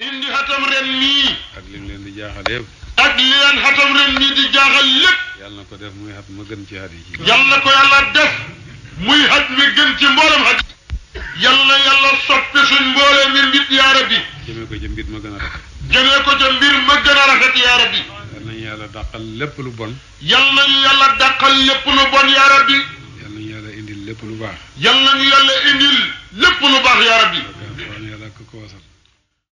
indi xatam ren mii. ak lim leen di jaaxal yëpp. ak li leen xatam ren mii di jaaxal lépp. yàlla na ko def muy xat ma gën ci xat yi. yàlla na ko yàlla def muy xat mi gën ci mboolem xat. yàlla na yàlla soppi suñ mbooleem mi mbit yaa rabbi. jëmee ko ca mbir ma gën a rafet. jëmee ko ca mbir ma gën a rafet yaa rabbi. yal nañu yàlla dàqal lépp lu bon. yal nañu yàlla dàqal lépp lu bon yaa rabbi. yal nañu yàlla indil lépp lu baax. yal nañu yàlla indil lépp lu baax yaa rabbi.